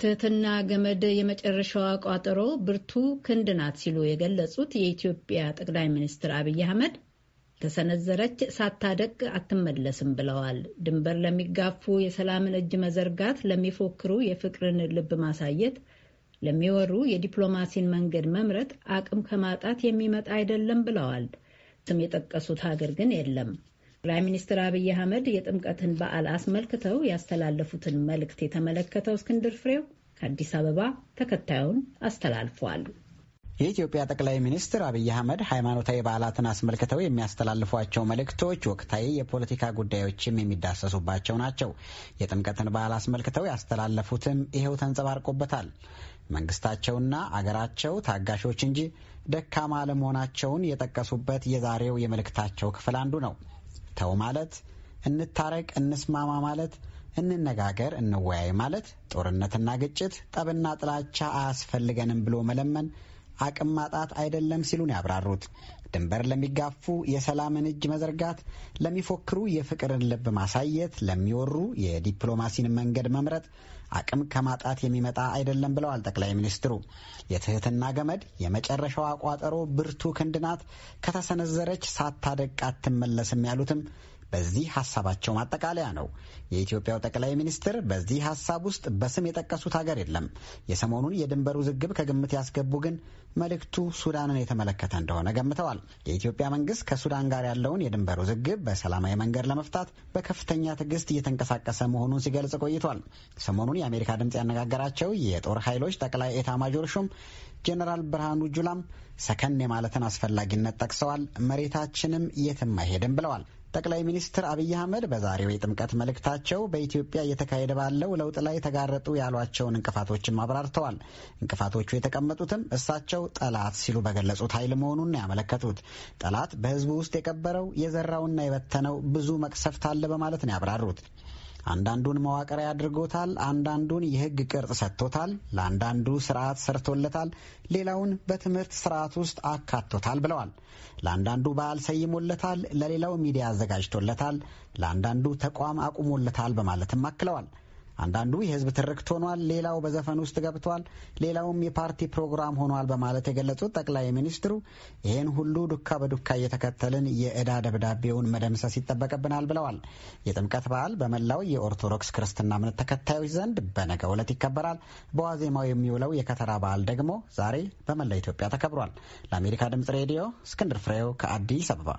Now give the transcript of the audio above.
ትህትና ገመድ የመጨረሻዋ ቋጠሮ ብርቱ ክንድ ናት ሲሉ የገለጹት የኢትዮጵያ ጠቅላይ ሚኒስትር አብይ አህመድ ተሰነዘረች ሳታደቅ አትመለስም ብለዋል። ድንበር ለሚጋፉ የሰላምን እጅ መዘርጋት ለሚፎክሩ የፍቅርን ልብ ማሳየት ለሚወሩ የዲፕሎማሲን መንገድ መምረጥ አቅም ከማጣት የሚመጣ አይደለም ብለዋል። ስም የጠቀሱት ሀገር ግን የለም። ጠቅላይ ሚኒስትር አብይ አህመድ የጥምቀትን በዓል አስመልክተው ያስተላለፉትን መልእክት የተመለከተው እስክንድር ፍሬው ከአዲስ አበባ ተከታዩን አስተላልፏል። የኢትዮጵያ ጠቅላይ ሚኒስትር አብይ አህመድ ሃይማኖታዊ በዓላትን አስመልክተው የሚያስተላልፏቸው መልእክቶች ወቅታዊ የፖለቲካ ጉዳዮችም የሚዳሰሱባቸው ናቸው። የጥምቀትን በዓል አስመልክተው ያስተላለፉትም ይኸው ተንጸባርቆበታል። መንግስታቸውና አገራቸው ታጋሾች እንጂ ደካማ አለመሆናቸውን የጠቀሱበት የዛሬው የመልእክታቸው ክፍል አንዱ ነው። ተው ማለት፣ እንታረቅ፣ እንስማማ ማለት፣ እንነጋገር፣ እንወያይ ማለት፣ ጦርነትና ግጭት፣ ጠብና ጥላቻ አያስፈልገንም ብሎ መለመን አቅም ማጣት አይደለም ሲሉ ያብራሩት። ድንበር ለሚጋፉ የሰላምን እጅ መዘርጋት፣ ለሚፎክሩ የፍቅርን ልብ ማሳየት፣ ለሚወሩ የዲፕሎማሲን መንገድ መምረጥ አቅም ከማጣት የሚመጣ አይደለም ብለዋል ጠቅላይ ሚኒስትሩ። የትህትና ገመድ የመጨረሻው አቋጠሮ ብርቱ ክንድ ናት፣ ከተሰነዘረች ሳታደቅ አትመለስም ያሉትም በዚህ ሀሳባቸው ማጠቃለያ ነው። የኢትዮጵያው ጠቅላይ ሚኒስትር በዚህ ሀሳብ ውስጥ በስም የጠቀሱት ሀገር የለም። የሰሞኑን የድንበር ውዝግብ ከግምት ያስገቡ ግን መልእክቱ ሱዳንን የተመለከተ እንደሆነ ገምተዋል። ተናግረዋል። የኢትዮጵያ መንግስት ከሱዳን ጋር ያለውን የድንበር ውዝግብ በሰላማዊ መንገድ ለመፍታት በከፍተኛ ትዕግስት እየተንቀሳቀሰ መሆኑን ሲገልጽ ቆይቷል። ሰሞኑን የአሜሪካ ድምፅ ያነጋገራቸው የጦር ኃይሎች ጠቅላይ ኤታ ማጆር ሹም ጄኔራል ብርሃኑ ጁላም ሰከን የማለትን አስፈላጊነት ጠቅሰዋል። መሬታችንም የትም አይሄድም ብለዋል። ጠቅላይ ሚኒስትር አብይ አህመድ በዛሬው የጥምቀት መልእክታቸው በኢትዮጵያ እየተካሄደ ባለው ለውጥ ላይ ተጋረጡ ያሏቸውን እንቅፋቶችም አብራርተዋል። እንቅፋቶቹ የተቀመጡትም እሳቸው ጠላት ሲሉ በገለጹት ኃይል መሆኑን ያመለከቱት ጠላት በሕዝቡ ውስጥ የቀበረው የዘራውና የበተነው ብዙ መቅሰፍት አለ በማለት ነው ያብራሩት። አንዳንዱን መዋቅሪያ አድርጎታል፣ አንዳንዱን የህግ ቅርጽ ሰጥቶታል፣ ለአንዳንዱ ስርዓት ሰርቶለታል፣ ሌላውን በትምህርት ስርዓት ውስጥ አካቶታል ብለዋል። ለአንዳንዱ በዓል ሰይሞለታል፣ ለሌላው ሚዲያ አዘጋጅቶለታል፣ ለአንዳንዱ ተቋም አቁሞለታል በማለትም አክለዋል። አንዳንዱ የህዝብ ትርክት ሆኗል፣ ሌላው በዘፈን ውስጥ ገብቷል፣ ሌላውም የፓርቲ ፕሮግራም ሆኗል በማለት የገለጹት ጠቅላይ ሚኒስትሩ ይህን ሁሉ ዱካ በዱካ እየተከተልን የእዳ ደብዳቤውን መደምሰስ ይጠበቅብናል ብለዋል። የጥምቀት በዓል በመላው የኦርቶዶክስ ክርስትና እምነት ተከታዮች ዘንድ በነገ ዕለት ይከበራል። በዋዜማው የሚውለው የከተራ በዓል ደግሞ ዛሬ በመላ ኢትዮጵያ ተከብሯል። ለአሜሪካ ድምጽ ሬዲዮ እስክንድር ፍሬው ከአዲስ አበባ